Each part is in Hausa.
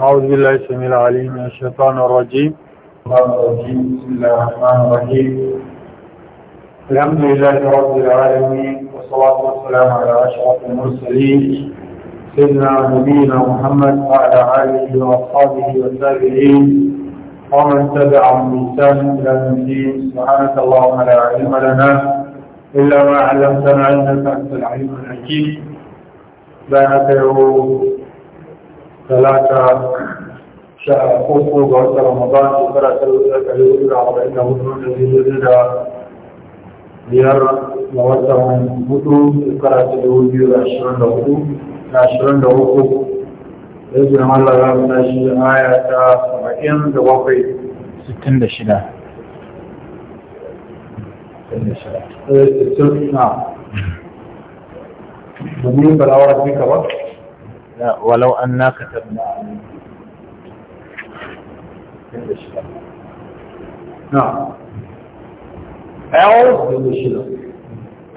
أعوذ بالله السميع العليم من الشيطان الرجيم بسم الله الرحمن الرحيم الحمد لله رب العالمين والصلاة والسلام على أشرف المرسلين سيدنا نبينا محمد وعلى آله وأصحابه والتابعين ومن تبعهم بإحسان إلى المسلمين سبحانك اللهم لا علم لنا إلا ما علمتنا إنك أنت العليم الحكيم بارك ثلاثة شهر قوس قوس رمضان شكرا سلوك اليوم وإنه من الذي biyar ga watan hudu shekara ta dubu biyu da ashirin da hudu da ashirin da uku da yake nan Allah za mu tashi aya ta saba'in da bakwai sittin da shida domin balawar fi ka ba ولو أن كتبنا نعم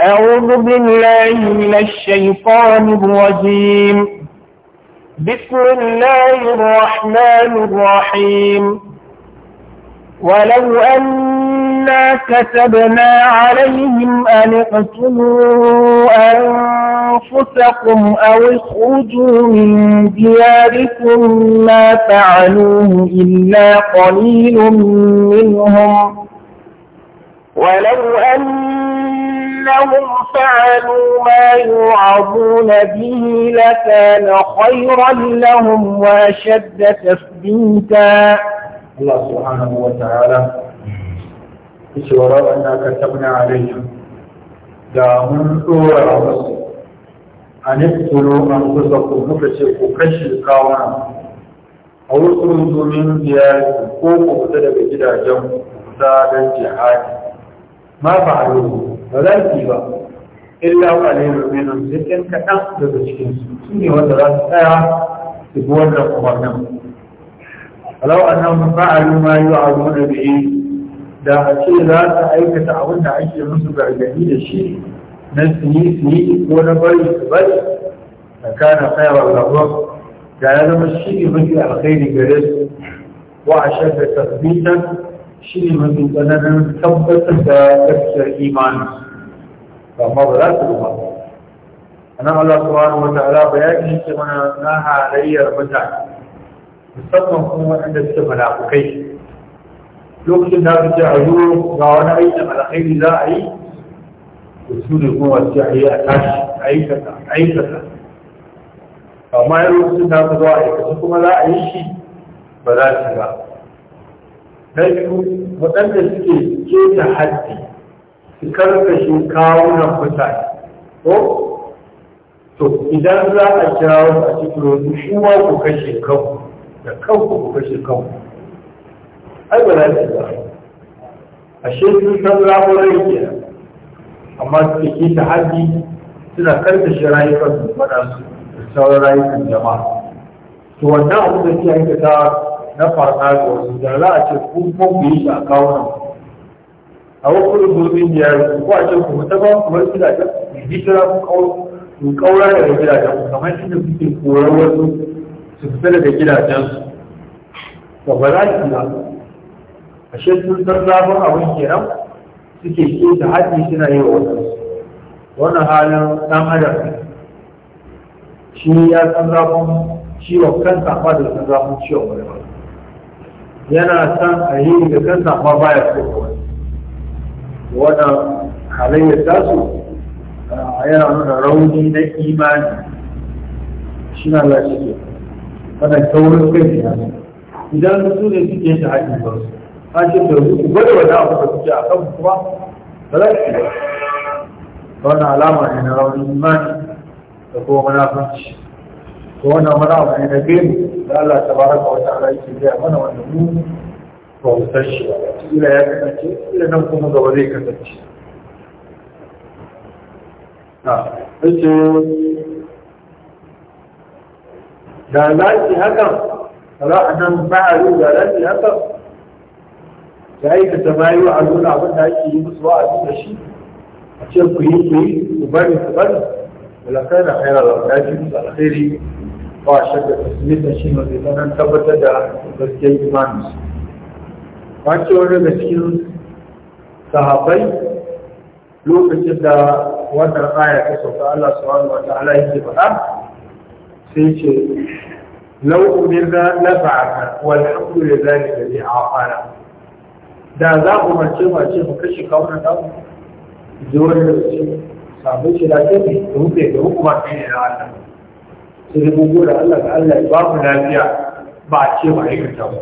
أعوذ بالله من الشيطان الرجيم بسم الله الرحمن الرحيم ولو أن إنا كتبنا عليهم أن اقتلوا أنفسكم أو اخرجوا من دياركم ما فعلوه إلا قليل منهم ولو أنهم فعلوا ما يوعظون به لكان خيرا لهم وأشد تثبيتا الله سبحانه وتعالى yace wa rawa na katabna alaihim da mun dora musu an yaqulu an kusakum muka ce ku kashe kawana a wasu domin biyar ko ku fita daga gidajen kusa don jihadi ma ba a fa'alu ba za su ba illa qalilun minhum sai kan kadan daga cikin su ne wanda za su tsaya su bi wannan umarnin ولو أنهم فعلوا ما يوعظون به da a ce za ta aikata abin da ake musu gargadi da shi na siyi siyi ko na bari su bari da kana kaiwa gaba da ya zama shi ne mafi alkhairi gare su wa a shakka tasbitan shi ne mafi tsananin tabbatar da gaskiyar imani amma ba za su ba anan Allah subhanahu wa ta'ala bayani yake mana na halayyar mutane musamman kuma waɗanda suke munafukai lokacin da aka ce a zo ga wani aikin alkhairi za a yi da su ne kuma wasu a yi a tashi aikata aikata amma yin lokacin da aka zo a aikata kuma za a yi shi ba za su ba na biyu waɗanda suke keta haddi su karkashe kawunan mutane ko to idan za a kira wasu a cikin wasu shi ku kashe kanku da kanku ku kashe kanku ai ba za su ba ashe sun san lamurai ke amma suke ke ta haji suna karta shi rayukan su faɗa su sauran rayuwar jama'a to wannan abu da ke aikata na farna ga wasu da za a ce ku ko ku yi shi a kawo a wakilin gurbin biyar ko a ce ku ba ku bar gidajen ku hijira ku kaura daga gidajen ku kamar inda kuke korar wasu su fita daga gidajensu ba ba za su na? ashe sun san zafin abin kenan suke ke da haɗi suna yi wa wasu wannan halin ɗan adam shi ya san zafin ciwon kansa amma da san zafin ciwon wani yana san a yi da kansa amma baya so wani wannan halayyar tasu yana nuna rauni na imani Shina na lashe ke wannan taurin kai idan su ne suke shi haɗin su. hakim da ku gwada wani abu da kuke a kan kuma ba za yi ba wannan alama ne na rauni imani da kuma munafunci to wannan wani abu ne na gemu da Allah ta baraka wata ala yake gaya mana wanda mu ba mu san shi ba kila ya kasance kila nan kuma gaba zai kasance na ce da za ki hakan ra'adan ba'aru da za ki hakan yi aikata ma yi wa'azuna abin da ake yi musu wa'azi da shi a ce ku yi ku yi ku bari ku bari walakai da haira da ya fi musu alheri ba shakka ta tasmita shi ne zai nan tabbatar da gaskiyar imanin su ba ce wani daga cikin sahabbai lokacin da wannan aya ta sauka Allah su subhanahu wa ta'ala yake faɗa sai ce lau umirna la ne walhamdu lillahi a afana da za ku mace mace mu kashe kawunan namu ji zuwa da su sabu ce da ta ne da hukai da hukuma na Allah sai dai mun Allah ga Allah ba mu lafiya ba a ce ma ta mu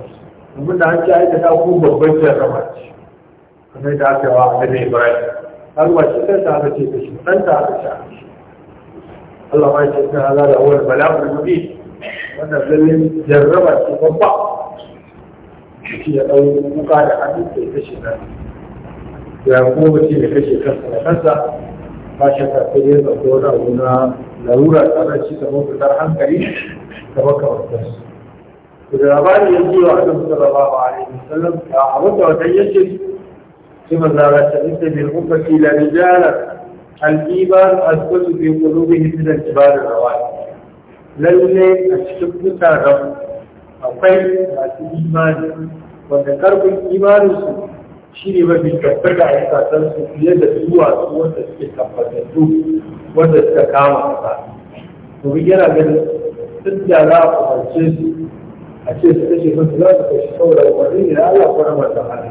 domin da an ce ta ku babban jarraba ce kamar da aka yi wa Annabi Ibrahim har ba shi aka ce ta shi ta aka ce shi Allah ma ya ce kan halar da wani bala'ul mubin wannan lallin jarraba ce babba shi ya ɗau wuka da hannu da ya kashe kansa ya kuma mutum ya kashe kansa da kansa ba shi ka sai ya zaɓi wani abu na larura tsarar shi kamar fitar hankali kamar kamar kansu da labari ya ji wa annabi sallallahu alaihi wasallam a abin da wata yace sai manzo Allah ta inda bil ummati la rijala al iman asbatu fi qulubihim min al jibal al rawai lalle a cikin mutanen akwai masu imani wanda karfin imaninsu shi ne mafi tabbata a su fiye da duwatsu wanda suke tabbatattu wanda suka kama to bi yana ganin duk da za a kwance su a ce su kashe musu za su kashe saboda wani ne na Allah ko na manzon Allah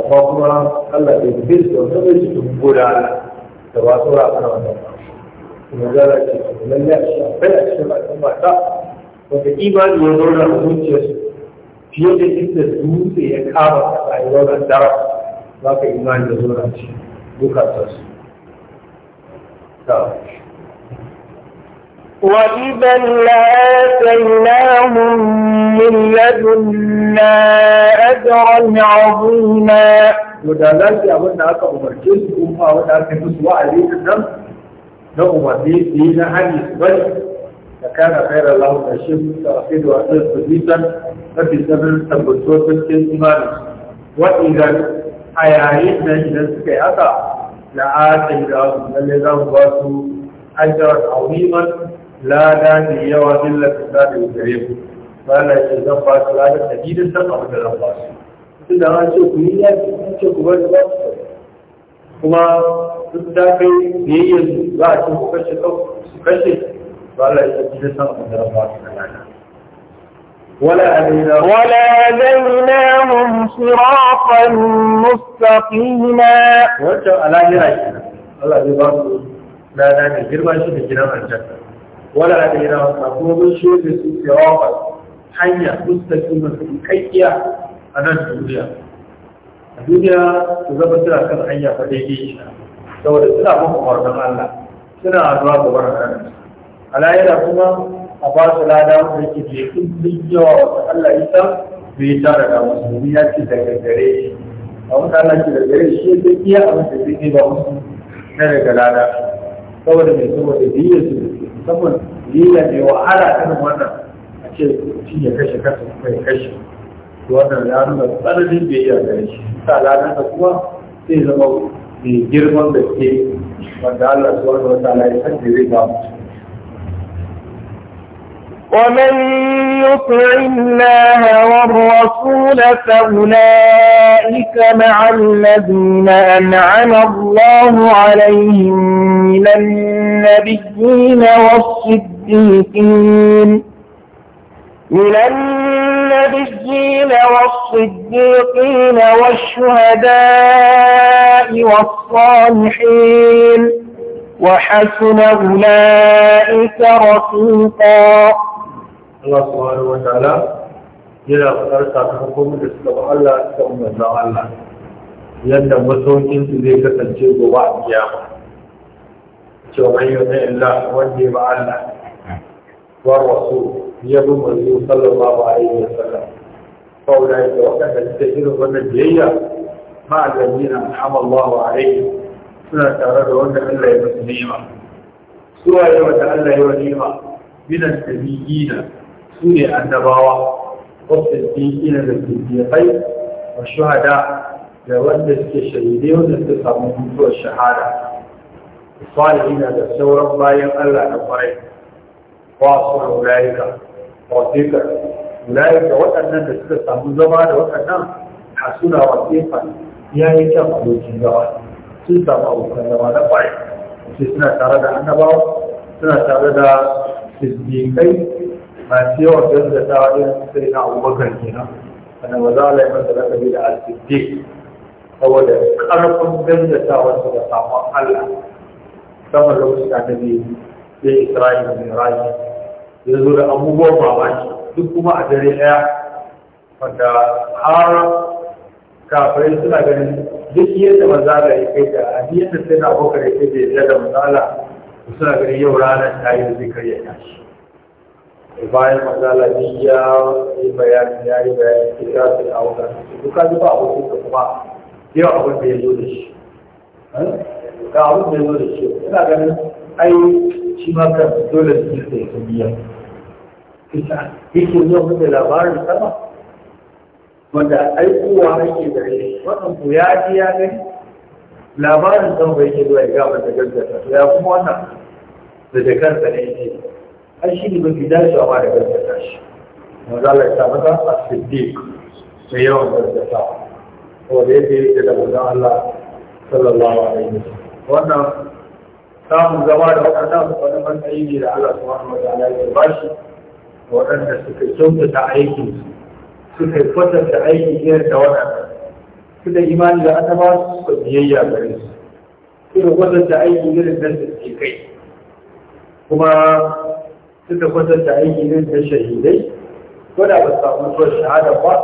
amma kuma Allah bai fi su wata mai cikin goda Allah da ba su ra'a na wannan ba. Kuma zara ce, lallai a shi bai a cikin al'umma ta wata imani ya zauna a zuciyarsu fiye da inda dutse ya kama a tsayuwar dara za ka imani da zauna ce bukatarsu وإذا لآتيناهم من لدنا أجرا عظيما ودالات أبنى أكا أمرجز أمها ودالات نسوى عليك النم نقوم به دينا عن يسبل kana kaira lahu da shi da ake da wasu sabisa na fitanin tabbato cikin imanin wa'iga a yayin da idan suka yi haka da a ta yi da wasu lalle za mu su ajiyar auniman lada da yawa lillafin da da wutare ku ba na ce zan ba su lada da gidan san abu zan ba su da an ce ku yi ya fi ce ku bari ba su kuma duk da kai biyayyar za a ce ku kashe kashe ولا هديناهم صراطا مستقيما وانتم على هراء الله يبارك لا لا نجر ما شيء جنا من جنة ولا هديناهم نقوم شيء صراطا حيا مستقيما كيكيا أنا الدنيا الدنيا تزبط لك الحيا فديكي saboda suna mafi Allah suna addu'a gabar kansu a kuma a ba su lada wanda yake je kullum yawa wata Allah isa bai yi tara da musu domin ya ce daga gare shi a wata Allah ke daga gare shi ya zai iya abin da zai ba musu na daga lada saboda mai saboda biyu su musamman biyu ne wahala irin wannan a ce shi ya kashe kasa kuma ya kashe wannan ya nuna tsananin biyayya gare shi sa lada ta kuma sai zama mai girman da ke wanda Allah subhanahu wata ta'ala ya san da zai ba mutum ومن يطع الله والرسول فأولئك مع الذين أنعم الله عليهم من النبيين والصديقين من النبيين والصديقين والشهداء والصالحين وحسن أولئك رفيقا Allah subhanahu wa ta'ala yana fadar komai da suka ba Allah suka umarza Allah yadda masaukin su zai kasance gobe a kiyama cewa man yuta illa wanda ya ba Allah wa rasul ya bi manzo sallallahu alaihi wa sallam fa ulai da wadanda suka irin wannan biyayya ma alladina hamallahu alaihi suna tare da wanda Allah ya musu ni'ima suwaye wata Allah ya wa ni'ima minan nabiyina سوء النبوة قصد الدين إلى الدين والشهداء لأولد الشهيدين والانتصار من فوق الشهادة الصالحين هذا سورة الله ألا نفري واصل أولئك وثيقة أولئك وأن الانتصار من زمان وأن حسنا وثيقا يا يكم أبوكي زمان سلطة أبوكي زمان نفري وفي سنة تردى النبوة سنة تردى الدين masu yawan ta irin sai na abubakar kenan wanda ba za a laifin da lakabi da al-siddiq saboda ƙarfin ta su da samun allah sama lokacin da ta biyu sai isra'il da mirage ya zo da abubuwan mamaki duk kuma a dare ɗaya wanda har kafin suna ganin duk yadda maza da ya kai da abin da sai na abokan ya kai da yadda da matsala suna ganin yau ranar ta yi da zai ya tashi bayan matsala ni ya yi bayani ya yi bayani ke ya su da auka duka duka abokin da kuma yau abin da ya zo da shi ga abin da ya zo da shi ina ganin ai shi ma kan dole su yi sai sun biya yake yau muke labarin sama wanda aikowa ake da shi wannan ko ya ji ya gani labarin sama bai ke zuwa ya gaba da gaggata ya kuma wannan da jakar sa ya ce. ai shi ne mafi dacewa ma da gaskata shi manzo Allah ya a ta as-siddiq mai yawan gaskatawa wanda yake yake da manzo Allah sallallahu alaihi wasallam wannan samun zama da waɗannan wani matsayi ne da Allah subhanahu wa ta'ala ya ba shi waɗanda suka kyautata aikin suka kwatanta aikin irin da waɗanda suka imani da an ba su biyayya gare su suka kwatanta aikin irin da su ke kai kuma suka kwatanta aiki ne da shahidai ko da ba su samu mutuwar shahada ba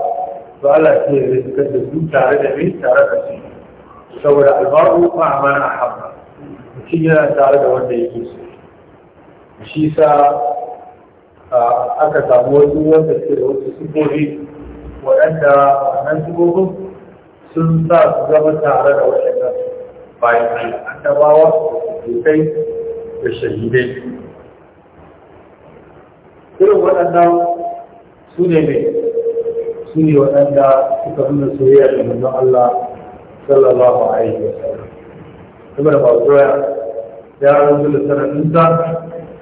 to Allah ke ya rizkar da su tare da mai tare da su saboda albaru ma amana habba mutum yana tare da wanda yake so shi sa aka samu wasu wanda suke da wasu sifofi waɗanda wannan sifofin sun sa su zama tare da waɗannan bayan annabawa da kai da shahidai irin waɗannan su ne mai su ne waɗanda suka nuna soyayya da manzon Allah sallallahu alaihi wa sallam kuma da mazoya ya da rubuta ta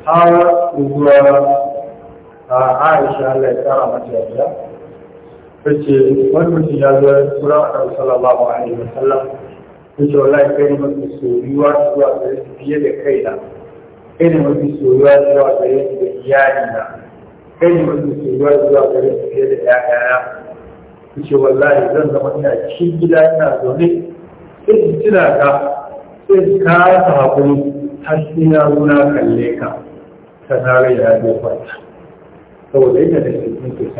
har zuwa a Aisha Allah ya tsara mata yarda tace wani mutum ya zo kura a ɗan sallallahu alaihi wa sallam tace wallahi kai ne mafi soyuwa zuwa gare fiye da kai na kai ne mafi soyuwa zuwa gare da na kai wanda ke zuwa zuwa gare fiye da ƴaƴana ku ce wallahi zan zama ina cikin gida ina zaune sai su tuna ka sai su kasa hakuri har sai na nuna kalle ka sanarai ya zo kwanta saboda ina da shi ke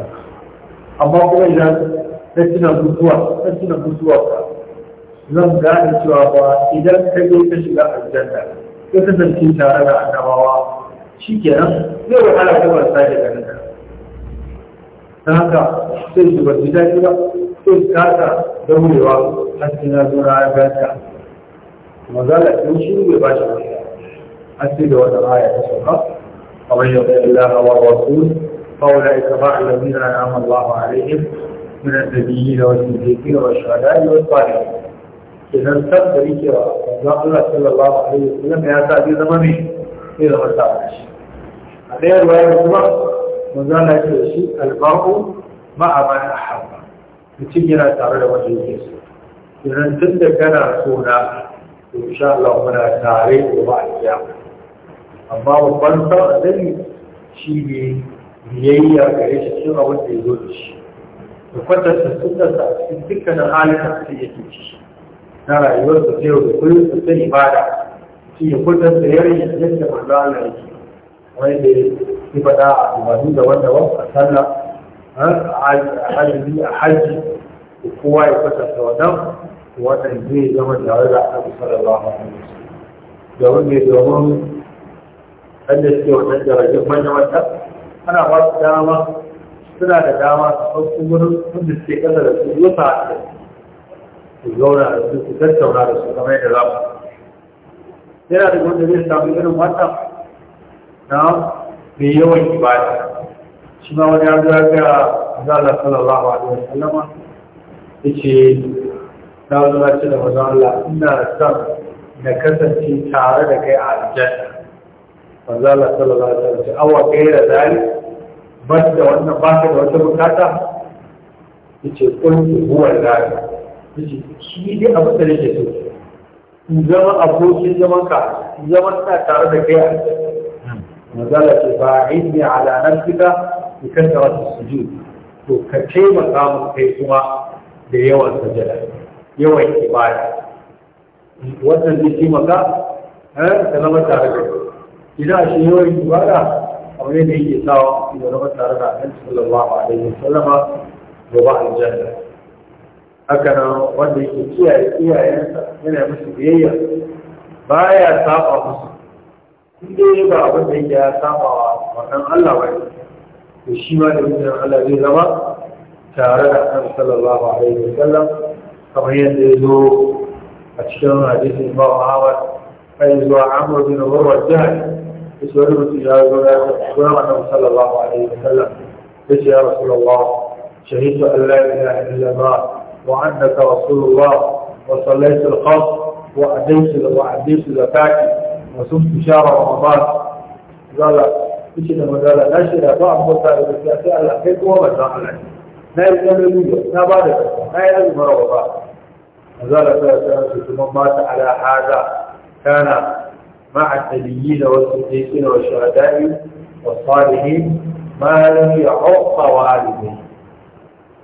amma kuma idan na tuna mutuwa na mutuwa ka zan gane cewa ba idan ka je ka shiga aljanna ka kasance tare da annabawa shi kenan zai wahala ko ba sa da ganin ka ta haka sai su bar gida ba sai su kasa daurewa har sai na zo a ganta a ɗin shi ne ba shi wani a ce da wata aya ta sauka kamar yadda Allah wa rasul فأولئك مع الذين أنعم الله عليهم من النبيين والصديقين والشهداء والصالحين za a كرا الله صلى الله ya sa يا zama زمانه sai da wata da shi a ɗaya ruwaya kuma manzo Allah ce shi albar'u ma'a man ahabba mutum yana tare da wanda yake so idan tun da kana so na to insha Allah muna tare da ba kiyama amma babban sa'adari shi ne biyayya gare shi cikin abin da ya zo da shi da kwatanta sunansa a cikin dukkanin halin da mutum yake ciki na rayuwarsa ta yau da kullum da ta ibada shi gudun da ya yi yadda manzo Allah yake wanda ya faɗa a ibadu da wanda wasu a sallah a hajji a hajji da kowa ya kwatanta wannan wannan zai zama tare da annabi sallallahu alaihi wasallam domin domin wanda suke wannan darajar manyan wata ana ba su dama suna da dama su sauƙi wurin wanda suke ƙasa da su yi fa'a su zauna da su su tattauna da su kamar yadda za mu yana da wanda zai samu irin wannan na mai yawan ibada shi ma wani yanzu ya ga zala sallallahu alaihi wa sallama ya ce na zo ce da mazan Allah ina son na kasance tare da kai a aljanna manzo Allah sallallahu alaihi wa sallam awa da zari ba da wannan ba da wata bukata yace kullu huwa zali yace shi ne abin da nake so zama abokin zaman ka zaman ta tare da kai mazala ce lanar fita ala kan bi kanta su ji to ka taimaka samun kai kuma da yawan sajada yawan ibada wannan zai taimaka eh, ka zama tare da kai idan shi yawan ibada abu ne da yake sawa ya zama tare da annabi sallallahu alaihi wasallama gaba aljanna haka wanda yake kiyaye iyayensa yana musu biyayya baya saba musu inda ya ba abin da yake ya saba wa wannan Allah wani to shi ma da mutum Allah zai zama tare da Annabi sallallahu alaihi wasallam kamar yadda ya zo a cikin hadisin ba hawa kai zuwa Amr bin Urwa Jahal yace wani mutum ya zo ya ce ko Annabi sallallahu alaihi wasallam sallam yace ya Rasulullah shahidu an la ilaha illa Allah وأنك رسول الله وصليت الخط وأديت وأديت زكاتي وصمت شهر رمضان قال ايش لما قال لا شيء لا بس يا اخي لا كيف هو مزاح العلم ما يزال لي ما بارك ما يزال رمضان نزل ثم مات على هذا كان مع النبيين والصديقين والشهداء والصالحين ما لم يعق والديه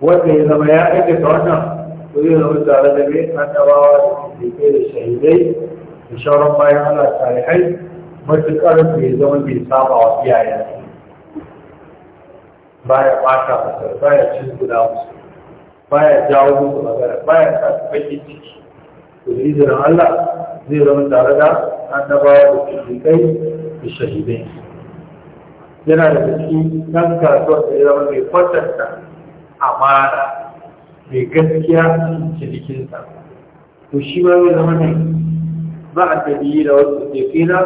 وجه لما يحب يتوجه ويقول له انت على النبي ان الله في كل الشهيدين ان شاء الله الله يعلى الصالحين ما تتكلم في زمن بيصاب او في عيالك بايع باشا بسر بايع شنك داوس بايع جاوز بغير بايع شاك بيتي تشي الله زي رمان دارجا ان الله في كل الشهيدين جنا رفتي نمكا سوى زمن بيصاب amara mai gaskiya cinikinsa to shi ma zai zama ne ba a tabi da wasu tefina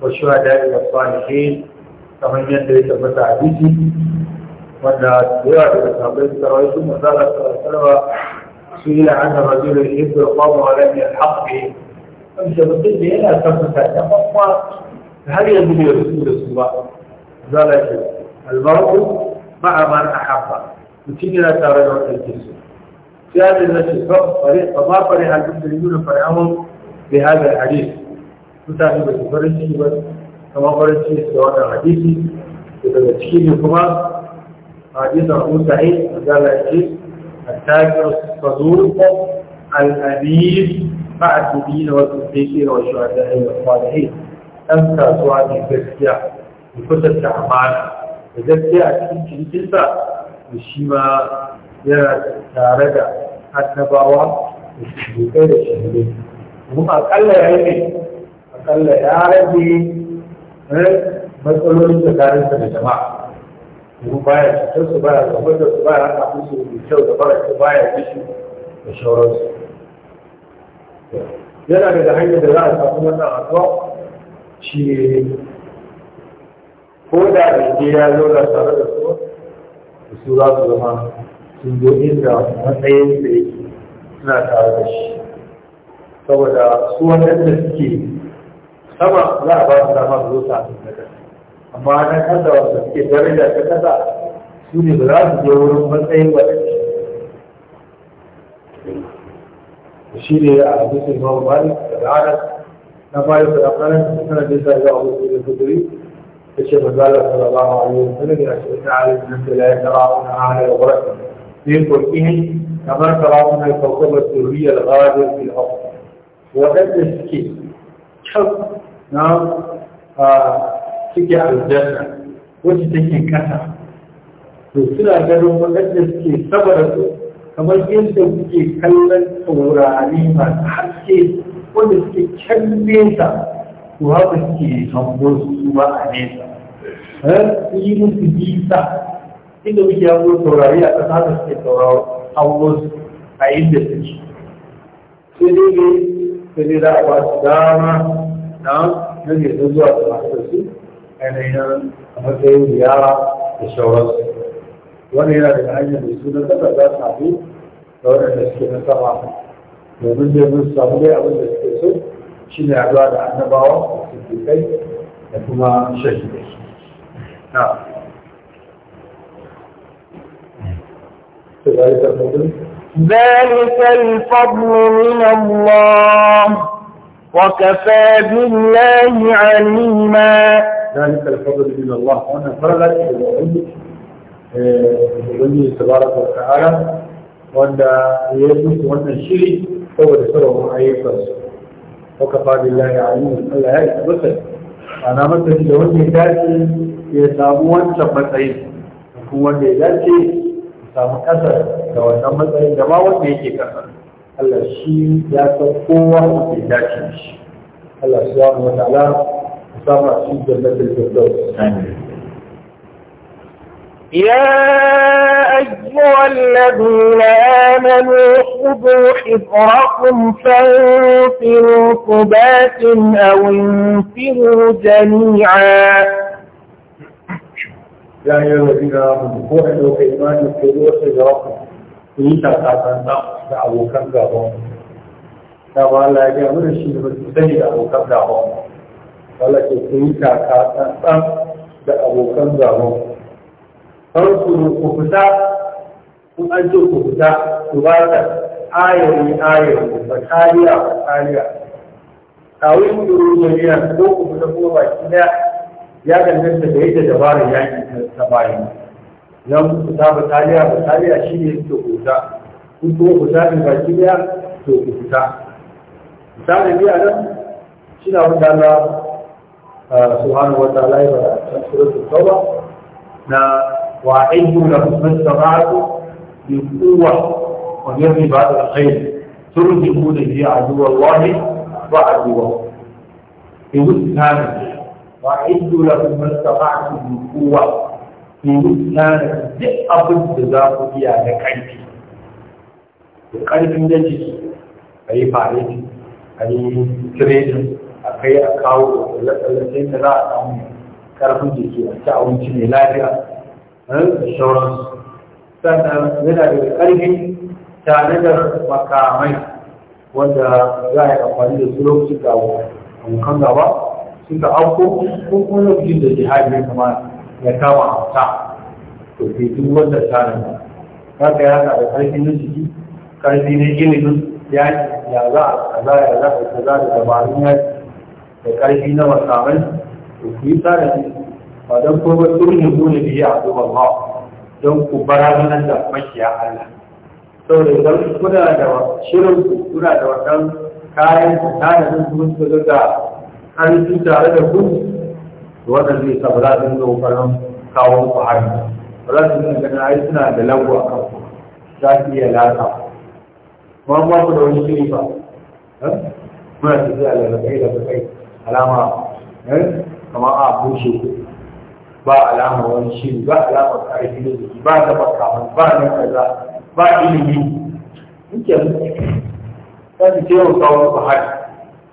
ba shi wa daɗi da kwanihin kamar yadda ya tabbata a biki wanda yawa daga sabbin sarwai su mazala sarwa su yi la'anar rajulun yadda ya kwamo a ranar haƙƙi shi mutum da yana tabbata ta kwamma har yanzu bai rasu da su ba zala ba albarku ma'a man ahabba وتيجي لها تعالى نوعها الجسد في هذا النفس الفقر طريق تضافر على المسلمين فرعهم بهذا الحديث في وتعالى بتفرسي كما فرسي سواء الحديث إذا تشكي بكما حديث أبو سعيد قال الشيء التاجر الصدور الأبيب بعد الدين والصديقين والشهداء والصالحين أمسى سؤال الزكية بفتح الأعمال الزكية تشكي بكما da shi ma yana tare da annabawa da shirkai da shirkai kuma akalla ya yi akalla ya rage eh, matsalolin tsakaninsa da jama'a kuma baya cutar su baya da su baya haka su da kyau da bara su baya gishi da shawararsu. yana daga hanyar da za a samu wannan asuwa shi ko da ya zo da tare da su su za su zama sun zo inda matsayin da yake suna tare da shi saboda su wadanda suke sama za a ba su dama su zo ta na ƙasa amma na ƙasa wanda suke daraja ta ƙasa su ne ba za su je wurin matsayin waɗanda shi ne a hadisin Imam Malik da ranar na bayan da Anas suna jinsa ga a Sa'id al-Khudri الشيخ البالغ صلى الله عليه وسلم يشهد على الناس لا يتراءون على الغرق في تركهم كما تراءون الكوكب السوري الغادر في الأرض وقد تسكي شوف نعم suke aljanna wacce take kasa to suna ganin waɗanda suke saba da su kamar yadda kuke kallon taurari masu haske wanda suke can nesa to haka suke hango su ba a nesa eh, sun yi musu bisa inda muke hango saurari a ƙasa da suke sauraro hango su a inda suke sai dai ne sai dai za a ba su dama na nage su zuwa su masu su ainihin a matsayin ziyara da shawararsu wani yana daga hanyar da su na kasa za su haɗu da waɗanda suke na sama domin zai musu samu dai abin da suke so شنو أعداد النبوة في الكي لكما شهد نعم ذلك الفضل من الله وكفى بالله عليما ذلك الفضل من الله وانا فرغت الوحي تبارك وتعالى وانا يجب وانا شيري هو رسوله ايه فرسوله وكفى بالله عليما الله يا يتبسل أنا مثل إذا وجه ذاتي يسامو أنت متعين يكون وجه ذاتي يسامو أثر لو أنت متعين دما وجه كثر الله شيء يأتي قوة وجه ذاتي الله سبحانه وتعالى يسامو أشيد جنة الفردوس آمين يا أيها الذين آمنوا خذوا حفركم فانفروا ثبات أو انفروا جميعا يا أيها الذين آمنوا خذوا حذركم فانفروا حذركم إيسا تاتنا دعوة كم دعوة كما لا يجعل شيء من سيد أبو كم دعوة ولكن إيسا تاتنا دعوة كم دعوة fankuru ku fita in an ce ku fita ku ba ta ayari ayari bataliya bataliya kawai duru jami'a ko ku fita kuma baki daya ya danganta da yadda dabarar yaƙi ta bayan don fita bataliya bataliya shi ne yake kuta in kuma kuta ne baki daya to ku fita misali biya nan shi na wanda Allah ah, subhanahu wa ta'ala ya fara a cikin suratul tauba na وأعدوا لهم ما استطعتم بقوة ومن رباط الخير ترزقون به عدو الله وعدوه في مثل وأعدوا لهم ما استطعتم بقوة في مثل هذا الذئب تزاق بها لقلبي لقلبي نجي أي فارس أي تريد أخي أكاو لسين لا أمي كرفتي كي أشعر من شيء لا Eh, da shauransu yana da ƙarfi tanadar makamai wanda za a yi amfani da su lokacin da abokan gaba suka auko ko kuma lokacin da jihadi ya kama ya kama hauta to ke duk wanda tanadar haka ya haɗa da ƙarfi na jiki ƙarfi na ilimin yaki ya za a kaza ya za a kaza da dabarun yaki da ƙarfi na makamai to ku yi tanadar ba don ko ba sun yi nuna biyu a zuwa ba don ku nan da makiya Allah saboda idan kuna da shirin ku kuna da wannan kayan ku tana nan kuma su ga an su tare da ku wannan zai sa ba za su zo faran kawo ku hari ba za su nuna ganin ai suna da lango a kan ku za su iya lasa kuma ba ku da wani shiri ba eh? muna tafiya da kai da kai alama eh? kamar a bushe ku ba alama wani shiri ba alama ƙarfi da zuki ba da makamai ba da kaza ba ilimi mu, za su ce wa kawo musu hari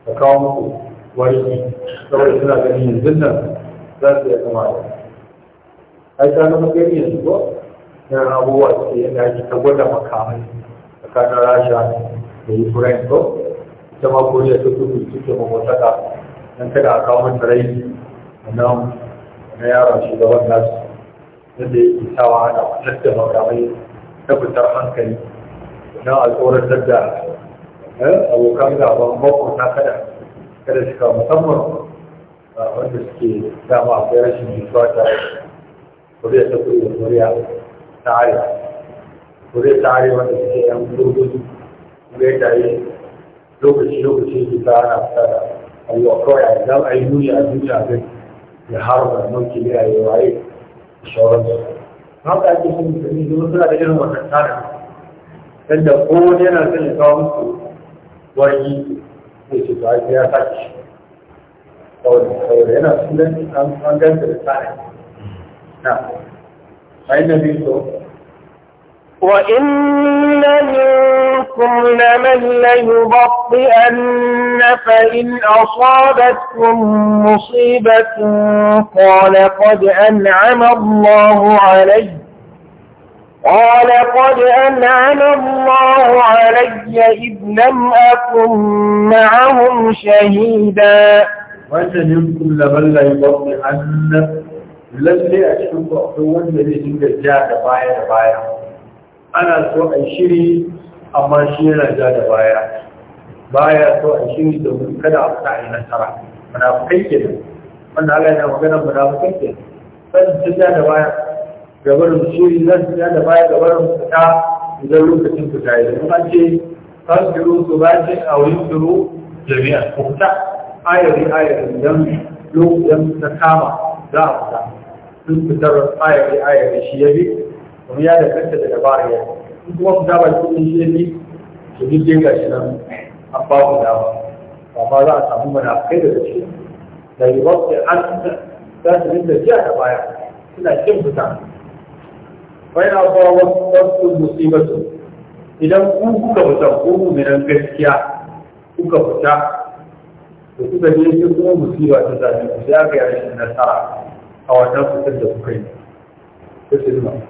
da kawo musu warki saboda suna ganin yanzu nan za su yi kama da ai ta zama gani yanzu ba na abubuwa suke yadda ake ta gwada makamai tsakanin rasha da furen ko ita ma koriya ta kudu suke ka nan kada a kawo mata rai a nan na yaron shugaban nasu yadda ya ke sawa ana fitar da makamai na fitar hankali na alkawarar da eh, abokan gaban makota kada kada su kawo musamman wanda suke dama akwai rashin jituwa ta kuriya ta kuriya kuriya ta arewa kuriya ta arewa wanda suke yan gurgudu kuriya ta yi lokaci lokaci ke ta ana a yi wa kawai a idan a yi nuni a duniya zai ya harba nukiliya ya waye da sauransu haka ake sun musulmi domin suna da irin wannan tsarin yadda kowane yana son ya kawo musu wani zai ce ba ya sake shi saboda yana sun an ganta da tsarin na a yi na biyu وإن منكم لمن ليبطئن فإن أصابتكم مصيبة قال قد أنعم الله علي قال قد أنعم الله علي إذ لم أكن معهم شهيدا وإن منكم لمن ليبطئن lalle a cikin ba wanda zai dinga ja ana so a shiri amma shi yana ja da baya baya so a shiri da domin kada a fita a yi nasara munafukai kenan wanda Allah yana magana muna munafukai kenan sai ta ja da baya gabarin shiri za su ja da baya gabarin fita idan lokacin fita yi An ce kan fasiru su ba ce a wurin kiro jami'a ku fita ayari ayari idan lokacin ta kama za a fita sun fitar ayari ayari shi ya bi kuma ya da kanta da dabara ya in kuma ku dama da kudin shi ne to duk dai gashi nan an ba ku dama amma za a samu mana kai da shi da yi wasu an za su rinda jiya da baya suna cin fita bai na kuwa wasu wasu musibatu idan ku kuka fita mu minan gaskiya kuka fita da kuka je sai kuma musiba ta zafi ku sai aka yi rashin nasara a wannan fitar da kuka yi. Sai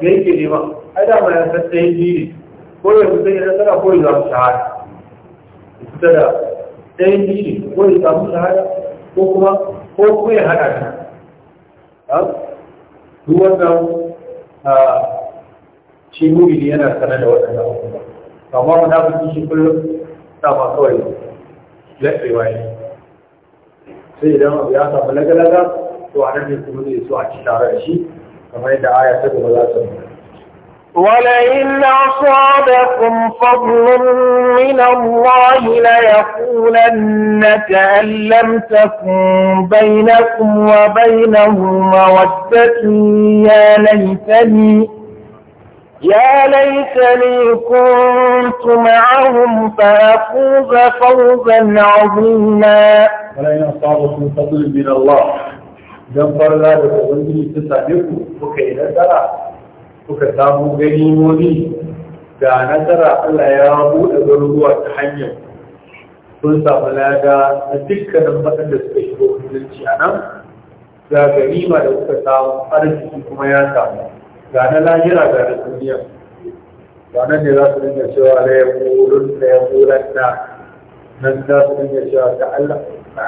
da yake nema a dama ya san ɗayan jini ko ya fi sai nasara ko ya samu shahada ita da ɗayan jini ko ya samu shahara ko kuma ko kuma ya haɗa ta duk wannan shi mumini yana sanar da waɗannan abubuwa amma wani abu shi kullum ba kawai wa ne sai idan abu ya samu lagalaga to a nan ne kuma zai so a ci tare da shi آية ولئن أصابكم فضل من الله ليقولن كأن لم تكن بينكم وبينه مودة يا ليتني يا ليتني كنت معهم فأفوز فوزا عظيما ولئن أصابكم فضل من الله don farla da jini sun same ku kuka yi nasara kuka samu ganimomi da nasara Allah ya buɗe garuruwa ta hanyar sun samu lada na dukkanin waɗanda suka shigo musulunci a nan ga ganima da kuka samu arziki kuma ya samu ga na lahira ga na duniya ba nan ne za su dinga cewa la ya kulun la ya kulan na nan za su dinga cewa ta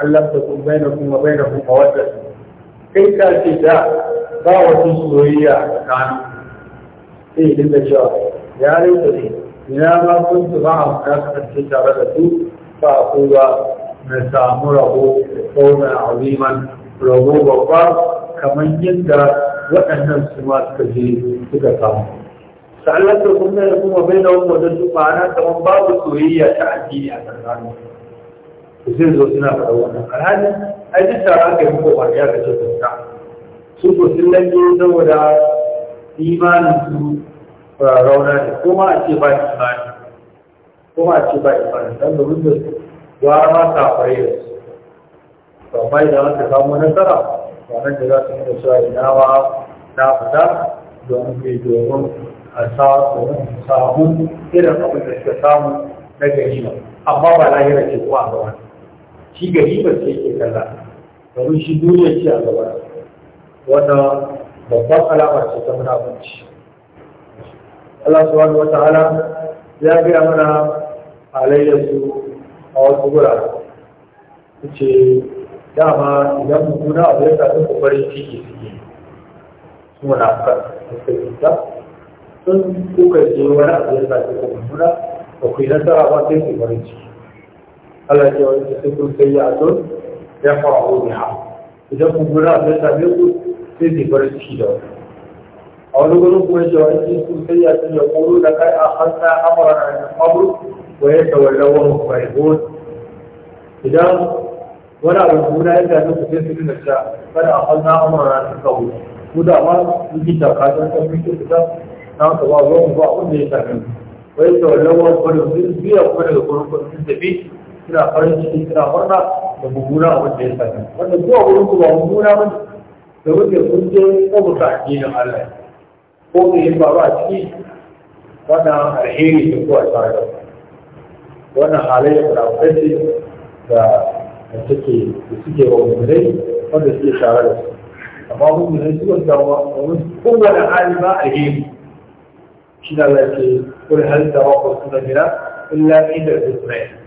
Allah ta kun bainakum wa bainakum mawaddah kai ka ce da ba wasu soyayya a tsakanin sai idan da cewa ya rinka ne ina ma kun su ba a kasance tare da su ba ko ba na samu rabo ko na aliman rabo babba kamar yadda waɗannan su ma suka je suka samu sa'allar da kuma ya kuma bai da wani wajen su ma'ana kamar babu soyayya ta addini a tsakanin ku zai zo suna faɗa wannan alhalin ai duk tara aka yi muku ƙwarya ga ce kuka su ko sun lanye saboda imanin su rauna ne kuma a ce ba imani kuma a ce ba imani don domin da su gwara ma kafarai da su ba mai da aka samu nasara wannan da za su nuna cewa ina ma na fita domin bai domin a samu irin abin da suka samu na gari amma ba lahira ce ko a ga wani shi gari ba sai ke kalla domin shi duniya ce a gaba wannan babban alama ce ta munafunci Allah subhanahu wa ta'ala ya gaya mana a layyarsu a wasu su ce dama idan mummuna abu ya tafi kokarin ciki suke suna ka fuskanta sun kuka ce wani abu ya tafi mummuna ba ku yi nasara ba sai su farin ciki Allah ce wani sai kun sai ya zo ya fara biha idan kun gura da same ku sai ku bar shi da a wani gurin kuma ce wani sai kun sai ya da kai a hanta amara da amru wa ya tawalla wa mufarihun idan wani abu guda ya same ku sai su dinga kada a ya daga gurin tafi suna farin ciki suna farna da mummuna wanda ya saka wanda zuwa wurin ku ba mummuna ba da wuce kun je ko ba addinin Allah ko me ya faru a ciki wannan alheri da kowa tare da wannan halayyar da kai da da take da suke wa mummunai wanda suke tare da su amma mummunai su wanda ba kowane hali ba a yi shi na lafi kuri halitta ba ko suna jira illa inda da suna yi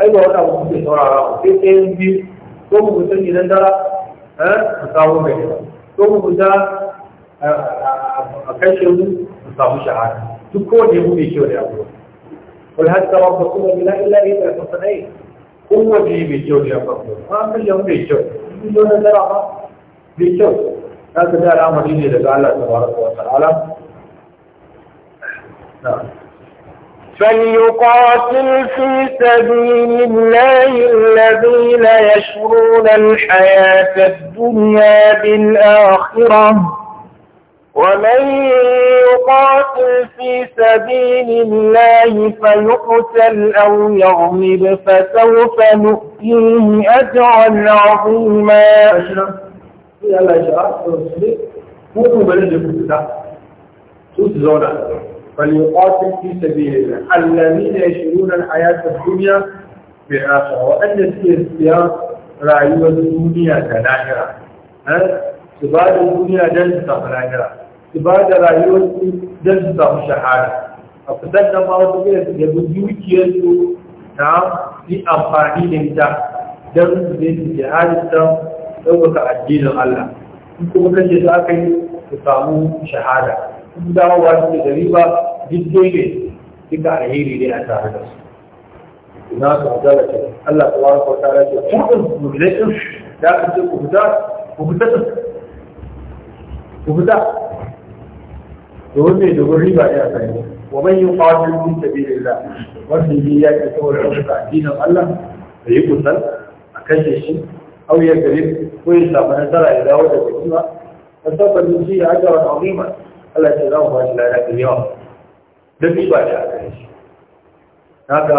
ai ba wani abu kuke saurara ba sai yin biyu ko mu kusa idan dara eh, mu samu mai ko mu kusa eh, a kai shirin mu samu shahara duk kowane mu mai kyau da yabo ko wani haska ba ku kuma bila illa ya ta kasa ɗaya kowane mai kyau da ya kuma ma kashe mu mai kyau duk wani dara ba mai kyau za ka da al'amari ne daga Allah ta baraka wa ta'ala na'am فليقاتل في سبيل الله الذين يشرون الحياة الدنيا بالآخرة ومن يقاتل في سبيل الله فيقتل أو يغمر فسوف نؤتيه أجرا عظيما يلا في شباب تسلم وكم بلد يكون تسلم فليقاتل في سبيل الله الذين يشرون الحياة الدنيا بالآخرة وأن في اختيار رأيوة الدنيا كالآخرة su ba da duniya don su samu lahira su ba da rayuwarsu don su samu shahara a kusan da ma wasu kai su yabi dukiyarsu ta yi amfani da ita don su su addinin Allah in kuma kace su aka yi su samu shahada in dawowa suke da riba duk dai ne duka alheri ne a tare da su ina ka magana ce Allah ta wani kwata da ce kuɗin mulkin da aka ce ku fita ku fita ku fita domin mai domin riba ne a kan yi ومن يقاتل في سبيل الله وفي ياك تقول دين الله فيقتل أكشف أو يكذب ويسلم نزل إلى وجه السماء فسوف نجزيه أجرا عظيما Allah ce zan ba shi lada da yawa don ni ba da a gare shi haka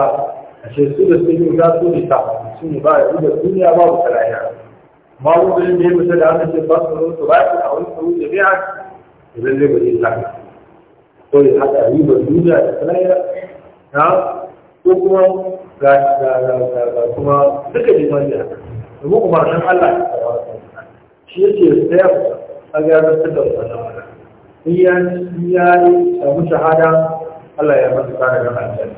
a ce su da su yi za su ne ta su ne ba da su da duniya babu ta lahira ma wani da ya mutu da aka ce ba su zo su ba su a wani su da biya idan zai bari ta ko ya haɗa ribar duniya da ta lahira na ko kuma ga kuma duka liman da haka domin umarnin Allah ya tsara shi yake tsaya a gyaran tattalin wannan in ya yi samu shahada Allah ya masa kare da aljanna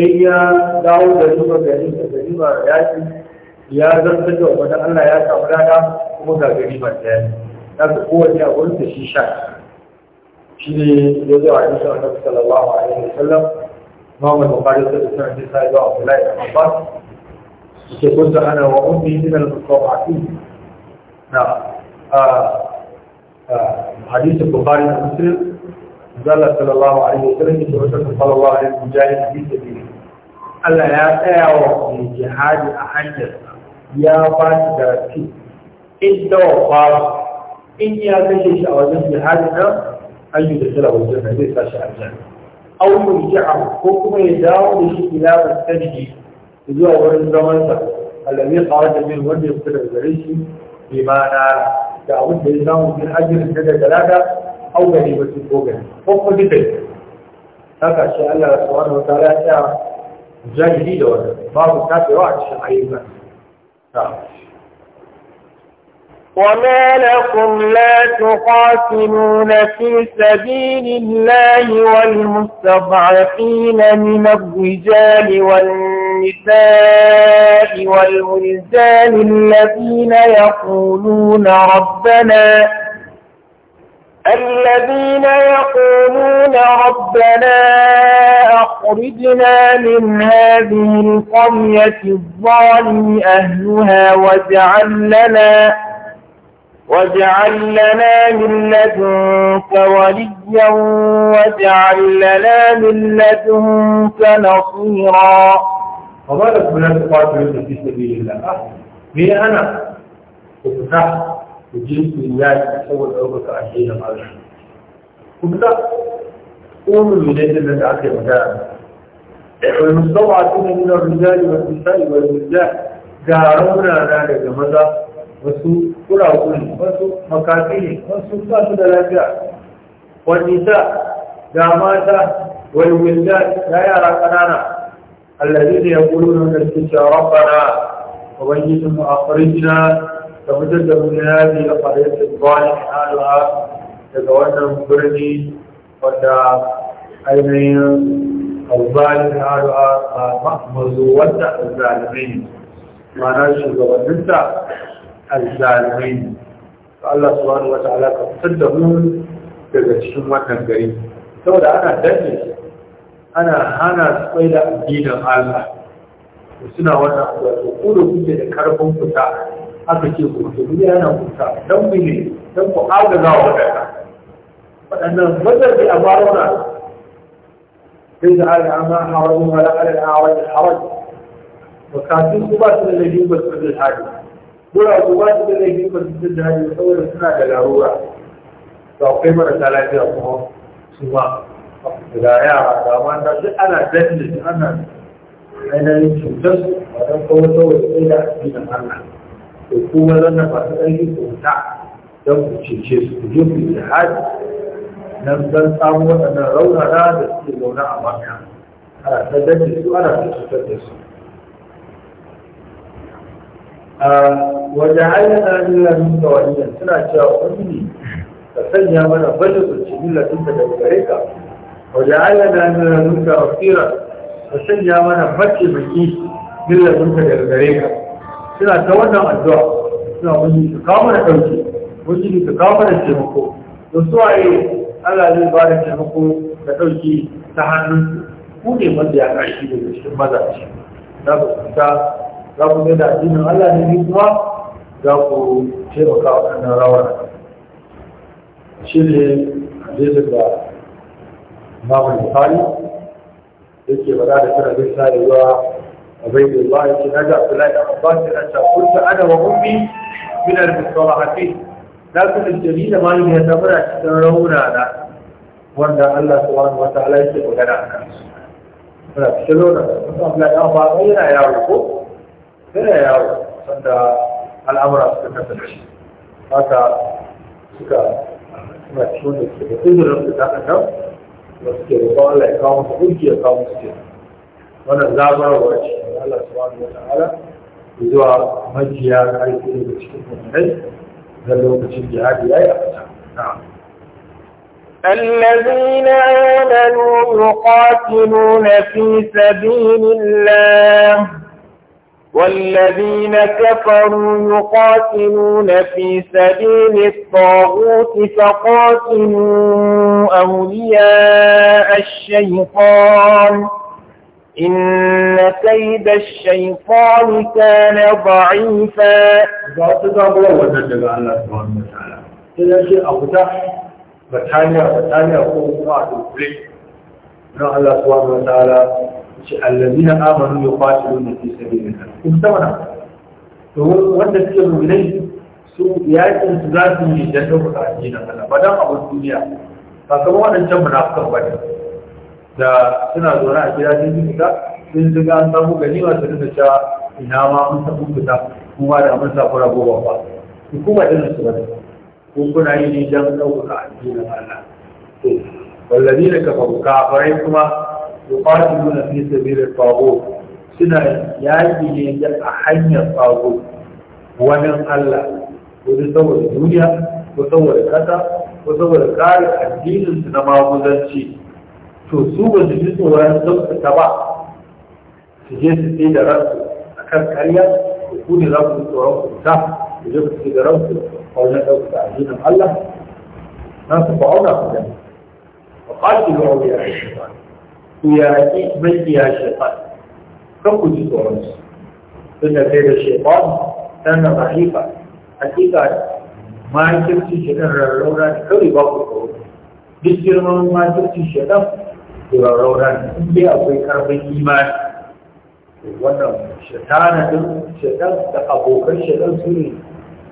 in ya dawo da riba gari da riba yaki ya zarta da wajen Allah ya samu rana kuma ga gari ba ɗaya na ga kowane a wurin da shi sha shi ne ya zo a yi sa annabi sallallahu alaihi wa sallam Muhammad Bukhari sai da sanar a sai da Abdullahi ibn Abbas yake kunta ana wa ummi min al-muqawwatin na حديث البخاري ومسلم قال صلى الله عليه وسلم صلى الله عليه وسلم مجاهد في سبيله Allah ya tsaya wa jihadi a hanyarsa ya ba shi garanti in dawa faru in ya kashe shi a wajen jihadi na ayyu da tara wajen da zai sashi a jan auyun ji'a ko kuma ya dawo da shi ila masarki wurin zamansa alamin a wajen wanda ya fita daga gare shi تعود بإنهم من أجل الجدى ثلاثة أو بني فوقها فوق جدد هذا الشيء الله سبحانه وتعالى جاء جديد وزيد بعض الكافي واحد الشيء عيب وما لكم لا تقاتلون في سبيل الله والمستضعفين من الرجال والنساء النساء والولدان الذين يقولون ربنا الذين يقولون ربنا أخرجنا من هذه القرية الظالم أهلها واجعل لنا واجعل لنا من لدنك وليا واجعل لنا من لدنك نصيرا kamar da kuma yadda kwato yadda fi sabi yin me ya hana ku fita ku ji kun ya yi kowa ɗaukaka a shi da malami ku fita ƙomin mu ne da da aka yi magana wai musamman a cikin nuna rijali wa fita yi wa rija ga rauna na daga maza wasu kurakun wasu makafi wasu sa da lafiya wani ta ga mata wani wanda ya yara ƙanana الذين يقولون للكنت ربنا وبيتم أخرجنا فمجد من هذه القرية الظالم حالها يتولى مبرني ودع ainihin albalin haruwa a mazuwanta alzalimai ne mana shugabanninta alzalimai ne Allah subhanahu wa ta'ala ka fitar da mu daga cikin wannan gari saboda ana danne ana hana su da addinin Allah suna wannan abuwa to da kuke da karfin fita aka ce ku to duniya na kuta dan bile ne dan ku za wa wadanda wadannan bazar da abarona sai da al'ama harajin wala al'awaj wa bukatun ku ba su da laifin ba su da hadi dora ku ba su da laifin ba su da hadi saboda suna da larura to akwai ta lafiya kuma su ba ga yara ga wanda duk ana dandin ana ainihin cutar su a don kawo saboda sai da addinin Allah to kuma zan na fasu ɗarki kyauta don ku cece su ku je ku yi jihadi nan don samu waɗannan raunana da suke zaune a maka ana ta dandin su ana ta cutar da su wajen hanyar na nuna waliyan suna cewa wani ne ka sanya mana bada zuci millatun da daga gare ka وجعلنا من لدنك بصيرا وسجع منا فتي بكي من لدنك لغريك سنة تولنا الدعاء سنة من تقامنا توجي وجي تقامنا الشمكو وسوى ايه Allah zai ba taimako da ɗauki ta hannun ku ne wanda ya ƙarshi daga cikin mazaje za ku fita za ku mai da addinin Allah ne ni kuma za ku taimaka wa wannan rawar shi ne hadisin da امام البخاري يجي بدل كده بيسال هو عبيد الله يجي نجا عبد الله بن عباس قلت انا وامي من المصطلحين لكن الجميل ما لم يتبرع تنرون انا وان الله سبحانه وتعالى يجي بدل انا فشلون لا يغفر اين يا رب اين يا رب فانت الامر اسكتت هذا سكا ما تشوني سكتت اذن ربك da suke roƙon Allah ya kawo musu ɗauki ya kawo musu ke wannan zabarwa ce Allah subhanahu wa ta'ala zuwa majiya ƙarfi da cikin mutane dan lokacin jihadi yayi a fata na'am الذين آمنوا يقاتلون في سبيل الله والذين كفروا يقاتلون في سبيل الطاغوت فقاتلوا أولياء الشيطان إن كيد الشيطان كان ضعيفا ذات ضابوة الله سبحانه وتعالى إذا شيء أبدا فتانيا فتانيا أقوم بقاعد الكلي الله سبحانه وتعالى ce allazina amanu yuqatiluna fi sabilillah kun saboda to wanda suke mu'minai su yakin su za su yi dan ajiye na Allah ba dan abun duniya ba kamar wadancan munafikan ba da suna zaune a gida sun ta sun shiga an samu ganima su rika cewa ina ma mun samu fita kuma da mun samu rabo ba ba hukuma din su ba kun kuna yi ne dan dauka addinin Allah to wallazina kafaru kafarai kuma yuqatiluna fi sabili taghut suna yaki ne a hanyar taghut wani Allah ko saboda duniya ko saboda kasa ko saboda kare addinin su na maguzanci to su ba su ji tsoron sauƙaƙa ba su je su sai da ransu a kan karya ko ku ne za ku tsoron kuta ku je ku sai da ransu a wani ɗaukaka addinin Allah na su ba'auna ku gani ba ƙasiru a wuyar shi ba ku yaƙi makiya shaitan kan ku ji tsoronsu tun da kai da ɗan sannan rahifa hakika makirci shaitan rarraura ne kawai ba ku tsoro duk girman makirci shaitan da rarraura ne in dai akwai karfin imani wannan shaitana din shaitan da abokan shaitan su ne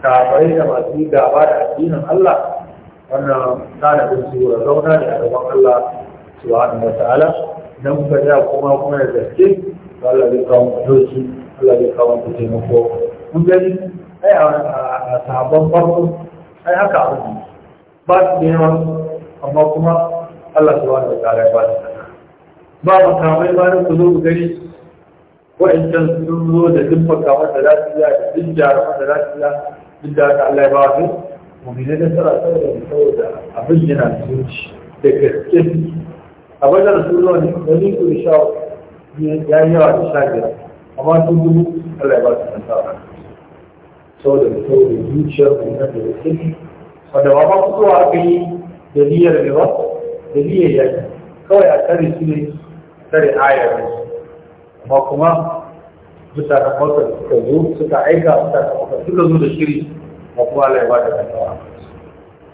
kafarai da masu gaba da addinin Allah wannan tanadin su rarraura ne a gaban Allah subhanahu wa ta'ala idan kuka ja kuma kuma da gaske to Allah zai kawo mu doki Allah zai kawo mu taimako mun gani ai a sabon farko ai haka abu ba su da yawa amma kuma Allah subhanahu wa ta'ala ya ba su ba mai bayan ku zo ku gani wa'ancan sun zo da duk makamai da za su iya da duk jaruman da za su duk da haka Allah ya ba su mu ne da tsara saboda abin yana zuci da gaske a wajen suna ne da ni ku sha ya yi yawa da sha biyar amma sun gudu Allah ya ba su kanta saboda da saboda zuciyar mu na da yake wanda ba ma fitowa a kai da niyyar ne ba da niyyar yaki kawai a kare su ne kare ayar ne amma kuma mutanen makar suka zo suka aika mutanen makar suka zo da shiri ba kuma Allah ya ba da kanta ba.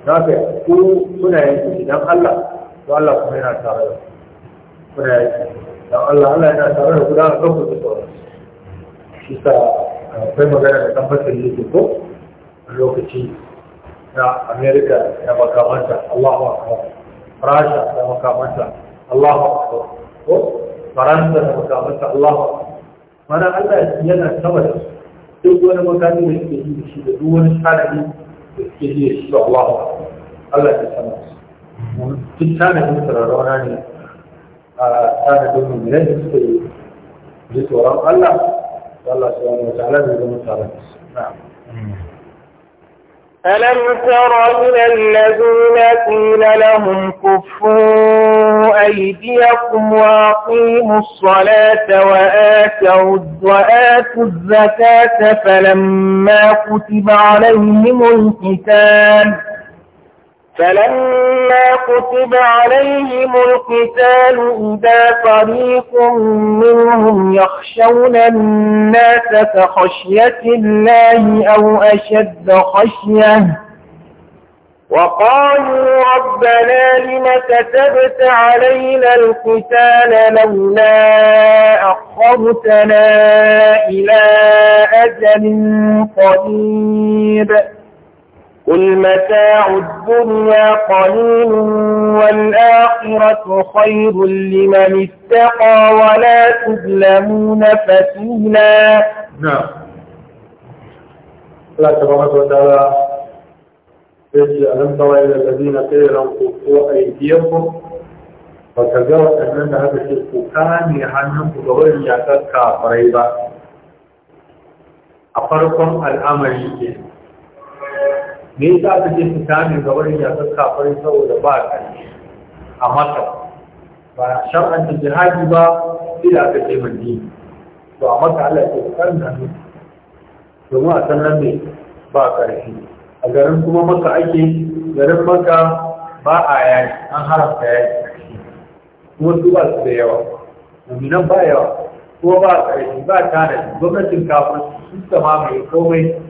Na ko suna yin idan Allah to Allah kuma yana tare da ku da yake dan Allah Allah yana tare da ku da kan ku tsoro shi sa ah, akwai magana da kan fasalin yake ko lokaci na America da makamanta Allahu akbar Rasha ya makamanta Allahu akbar ko Faransa da makamanta Allahu akbar mana Allah yana sama da duk wani makami da suke yi da shi da duk wani tsanani da suke yi da shi da Allahu akbar Allah ya sama duk tanadin turarona ne a tanadin mummunai da suka yi ji tsoron Allah Allah su wani wata ala zai zama tsaron ألم تر إلى الذين قيل لهم كفوا أيديكم وأقيموا الصلاة وآتوا, وآتوا الزكاة فلما كتب عليهم القتال فلما كتب عليهم القتال إذا فريق منهم يخشون الناس كخشية الله أو أشد خشية وقالوا ربنا لم كتبت علينا القتال لولا أخرتنا إلى أجل قريب قل متاع الدنيا قليل والآخرة خير لمن اتقى ولا تظلمون فتيلا نعم الله تبارك وتعالى يجي ألم ترى إلى الذين قيل انقضوا أيديكم فكذبت أن هذا الشيء كان يحنم بغير يعتد قريبا. أفركم الأمر يجي me yasa aka ce ga wani ya yakar kafarin saboda ba ƙarshe a maka ba shar'anta jihadi ba sai da aka ce madina to a maka Allah ya ce kan nan domin a sanar ne ba ƙarfi a garin kuma maka ake garin maka ba a yaki an haramta yaki kuma su ba su da yawa dominan ba yawa kuma ba ƙarfi ba tanadi gwamnatin kafin su sama mai komai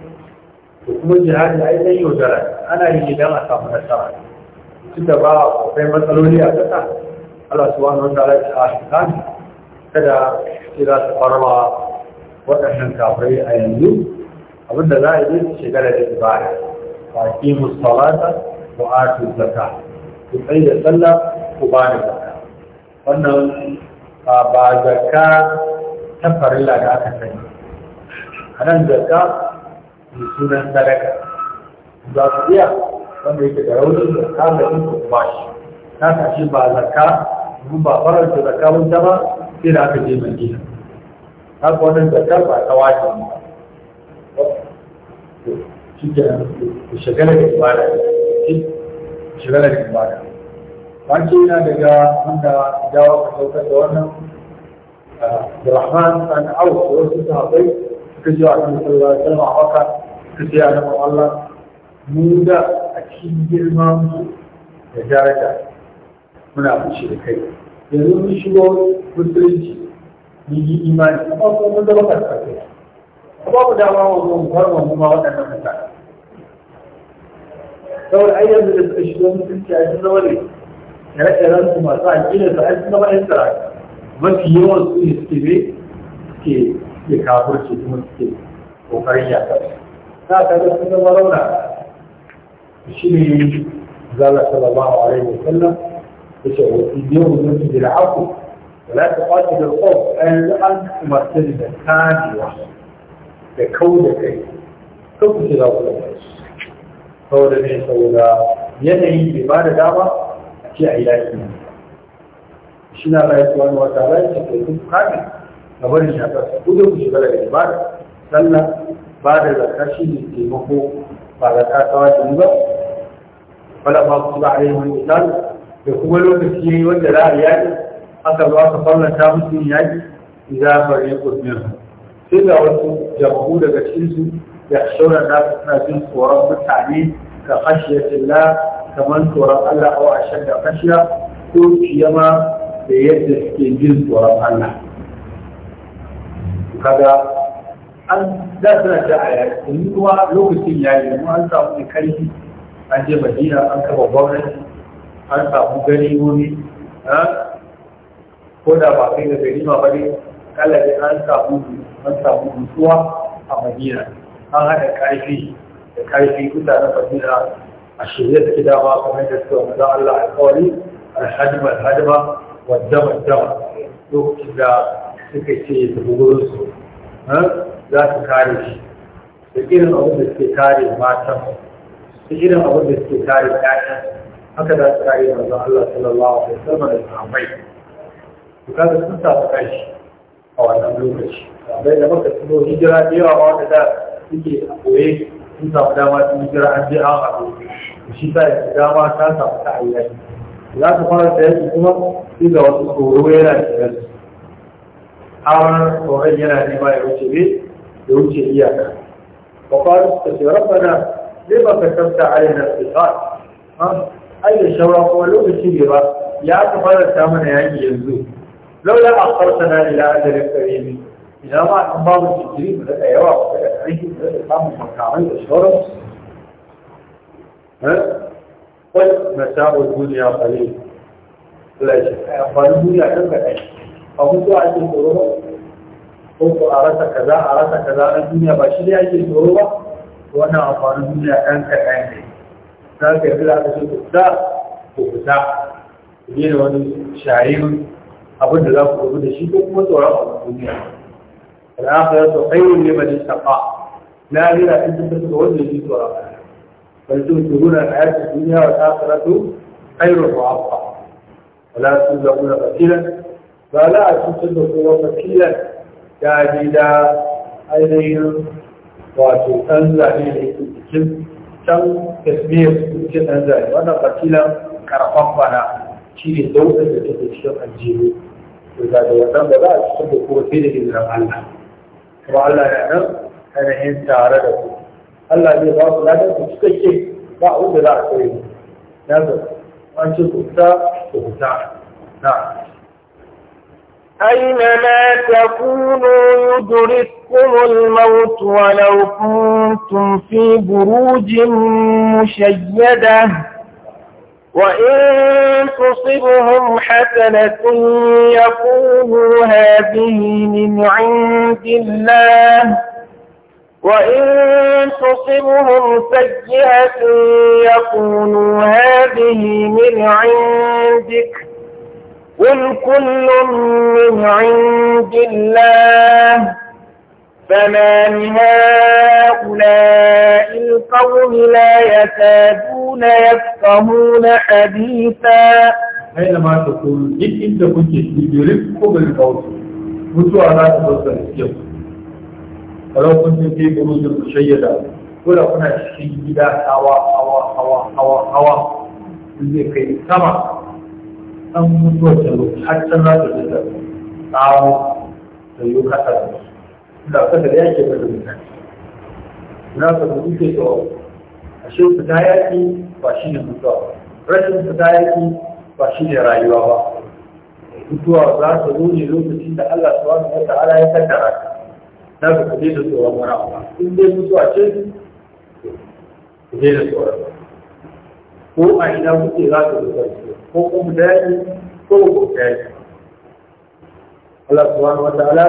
kuma jihadi ai dan yaudara ana yi idan a samu nasara tun da ba akwai matsaloli a ƙasa Allah subhanahu wa ta'ala ya shiga ah, kada sai za su farma waɗannan kafirai a yanzu abinda za a yi su shigar da ibada ba aqimu salata wa atu zakka ku tsaye da sallah ku ba da zakka wannan ba zakka ta farilla da aka sani a nan zakka mai sunan sadaka za su iya wanda yake da rauni da kama ku ba shi ta tashi ba zakka mun ba farar da zakka mun ta ba sai da aka je madina haka wannan zakka ba ta wace shi ke nan ku shagala da ibada shagala da ibada wace yana daga wanda dawa ka saukar da wannan rahman an Auf wasu sahabbai suka ji wa annabi sallallahu alaihi wasallam a maka suka ji annabi Allah mu da a cikin girma mu da daraja muna fushi da kai yanzu mun shigo musulunci mun yi imani amma ko mun zama karfafe babu dama wa mu farma mu ma waɗannan mutane saboda ai yanzu da suka shigo musulunci a yanzu zama ire-iren su masu aƙida su aiki na bayan sarari mafi yawan su ne suke ne suke suke kafurci kuma suke kokarin yaka na ta ga sun zama rauna shi ne zala sallallahu alaihi wa sallam yace wa yau ne su da haku wala ta kwace da qawm an an umarta da kadiwa da kau da kai ko ku shiga wannan saboda ne saboda yanayi bai ba da dama a ce a yi lafiya shi na rayuwa wata rayuwa ce kai kun kafin ga shakar sa ku ku shiga daga ibada sallah ba da zakka shi ne taimako ba da ta kawai ba wala ba ku ba yi wa sallam da kuma lokaci yayi wanda za a yaki aka zo aka fallanta musu yaki idan fari kudin sai ga wasu jama'u daga cikinsu su da shauran da suna jin tsoron mutane ka khashiyatillah kamar tsoron Allah a ashadda khashiya ko kiyama da yadda suke jin tsoron Allah kaga an da suna da a yaƙi kuma lokacin ya yi an samu da karfi an je madina an kafa gwamnati an samu gani wuri ko da ba kai da gari ma bane kalabi an samu an samu mutuwa a madina an haɗa karfi da karfi na madina a shirye da gida ba kamar da suka maza Allah alƙawari alhajima alhajima wa dama dama lokacin da suka ce ya tafi gurinsu za su kare shi da irin abin da suke kare matan da irin abin da suke kare ƴaƴan haka za su kare manzo Allah sallallahu alaihi wasallam da sahabbai to kaga sun tafi kanshi a wannan lokaci bai da maka tuno hijira da yawa wanda da suke a koye sun samu dama su hijira an je an haɗu shi sa ya dama ta samu ta ayyana za su fara da yaki kuma sai ga wasu tsoro yana shigar su har tsoron yana nema ya wuce ne da wuce iyaka ba su ta ce rabbana zai ba ka tafta ayyana sultan ayyana shawara kuma lokaci ne ba ya ka fara ta mana yaƙi yanzu laula a na ila ajalin karimi idan ma an ba mu jikiri mu daga yawa ko daga ƙarfi mu daga samun makamai da shauran wani masa'ul duniya ƙalil Allah ya ce amfanin duniya ɗan kaɗai a zuwa ake tsoro ba ko ko a rasa kaza a rasa kaza na duniya ba shi ne ake tsoro ba wannan amfanin duniya ɗan kaɗan ne za ka yi za ka ce fita ko fita ku daina wani shayin abin da za ku rubu da shi ko kuma tsoron abin duniya yi to ayyun ne ba ne taɓa na rira in ta tafi wanda ya ji tsoron bal tu'thiruna al-hayata ad-dunya wa al-akhiratu khayrun ba. abqa wa la tuzlamuna qatilan ba za a cutar da kowa wakilan ya ji da ainihin wato ɗan zaɓe da yake cikin can tasmiyar cikin ɗan zaɓe wannan wakilan karfan bana shi ne daular da take cikin aljihu to da da wannan ba za a cutar da kowa sai da izinin Allah kuma Allah ya nan ainihin tare da ku Allah zai ba ku ladan ku cikakke ba abin da za a koyi na ga an ce ku fita ku fita na أينما تكونوا يدرككم الموت ولو كنتم في بروج مشيدة وإن تصبهم حسنة يقولوا هذه من عند الله وإن تصبهم سيئة يقولوا هذه من عندك قل كل من عند الله فما لهؤلاء القوم لا يكادون يفقهون حديثا حينما تقول إن أنت كنت يريدك بالقوس وتو على قوس الاسكيب ولو كنت في بروز المشيدة ولا كنا شيدة هوا هوا هوا هوا هوا اللي في السماء an mutuwa ta yi har can za ta ji da tsawo da yi kasa da su da kasa da yake da mutane za ka rubu ke tsawo a shi fita yaƙi ba shi ne mutuwa rashin fita yaƙi ba shi ne rayuwa ba mutuwa za ta zo ne lokacin da Allah subhanahu wa ta'ala ya kaddara ta Na ka kuje da tsoron wani ba. in dai mutuwa ce kuje da tsoron ko a ina kuke za ku rufe ko kuma daji ko ku daji Allah subhanahu wa ta'ala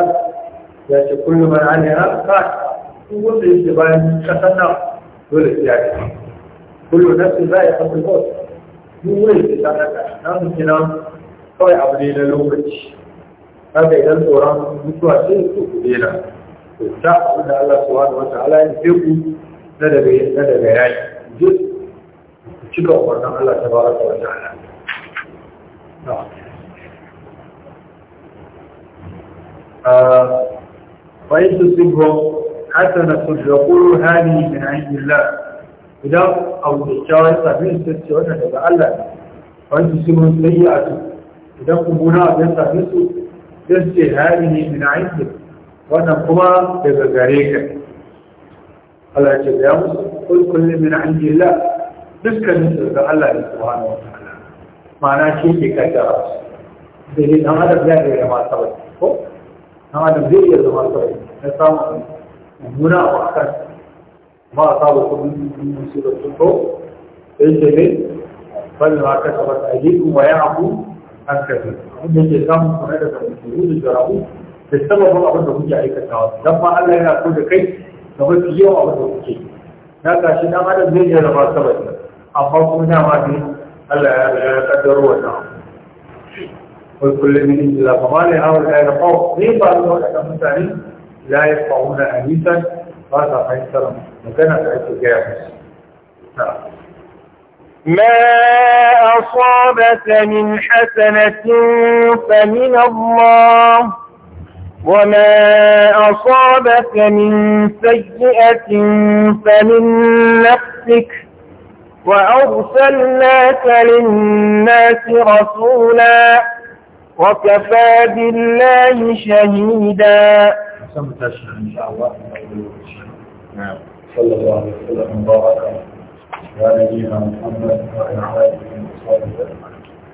ya ce kullu man alaiha qad duk wanda yake bayan kasanna nan dole ya ce kullu nafsin za'iqatul maut duk wanda yake sanaka nan kina kawai abu ne na lokaci haka idan tsoron mutuwa ce to ku dena to ta da Allah subhanahu wa ta'ala ya ce ku da daga na daga yayi cika umarnin Allah ta bara ta wata ala ah, fa'in su sibbo hasana su da kuru hani min hanyar la idan abu da kyawar sabin su ce wata daga Allah fa'in su sibbo sai ya su idan kumuna abin sabin su sai ce hani ne min hanyar wannan kuma daga gare ka Allah ce ya musu kulkullin min hanyar la dukkanin su da Allah ne subhanahu wa ta'ala ma'ana shi ke kaddara su da dan adam zai iya zama sabai ko dan adam zai iya zama sabai na samun mummuna a wakar ma a sabu kun musu da su ko sai ce ne bal ma ka yi kuma wa abu an kafi abin da ke samun kuna daga mutum da jarabu da sababin abin da kuke aikatawa dan ma Allah yana so da kai da mafi yawa abin da kuke na gashi dan adam zai iya zama sabai أخوكم من أمامي القدر قل كل من إلا فمالي أول آية قوم غيب الله المتعين لا يفعون أميسا هذا حين سلام وكان فعيد الجاهز نعم. ما أصابك من حسنة فمن الله وما أصابك من سيئة فمن نفسك وأرسلناك للناس رسولا وكفى بالله شهيدا صلى الله عليه وسلم وبارك على نبينا محمد وعلى آله وصحبه أجمعين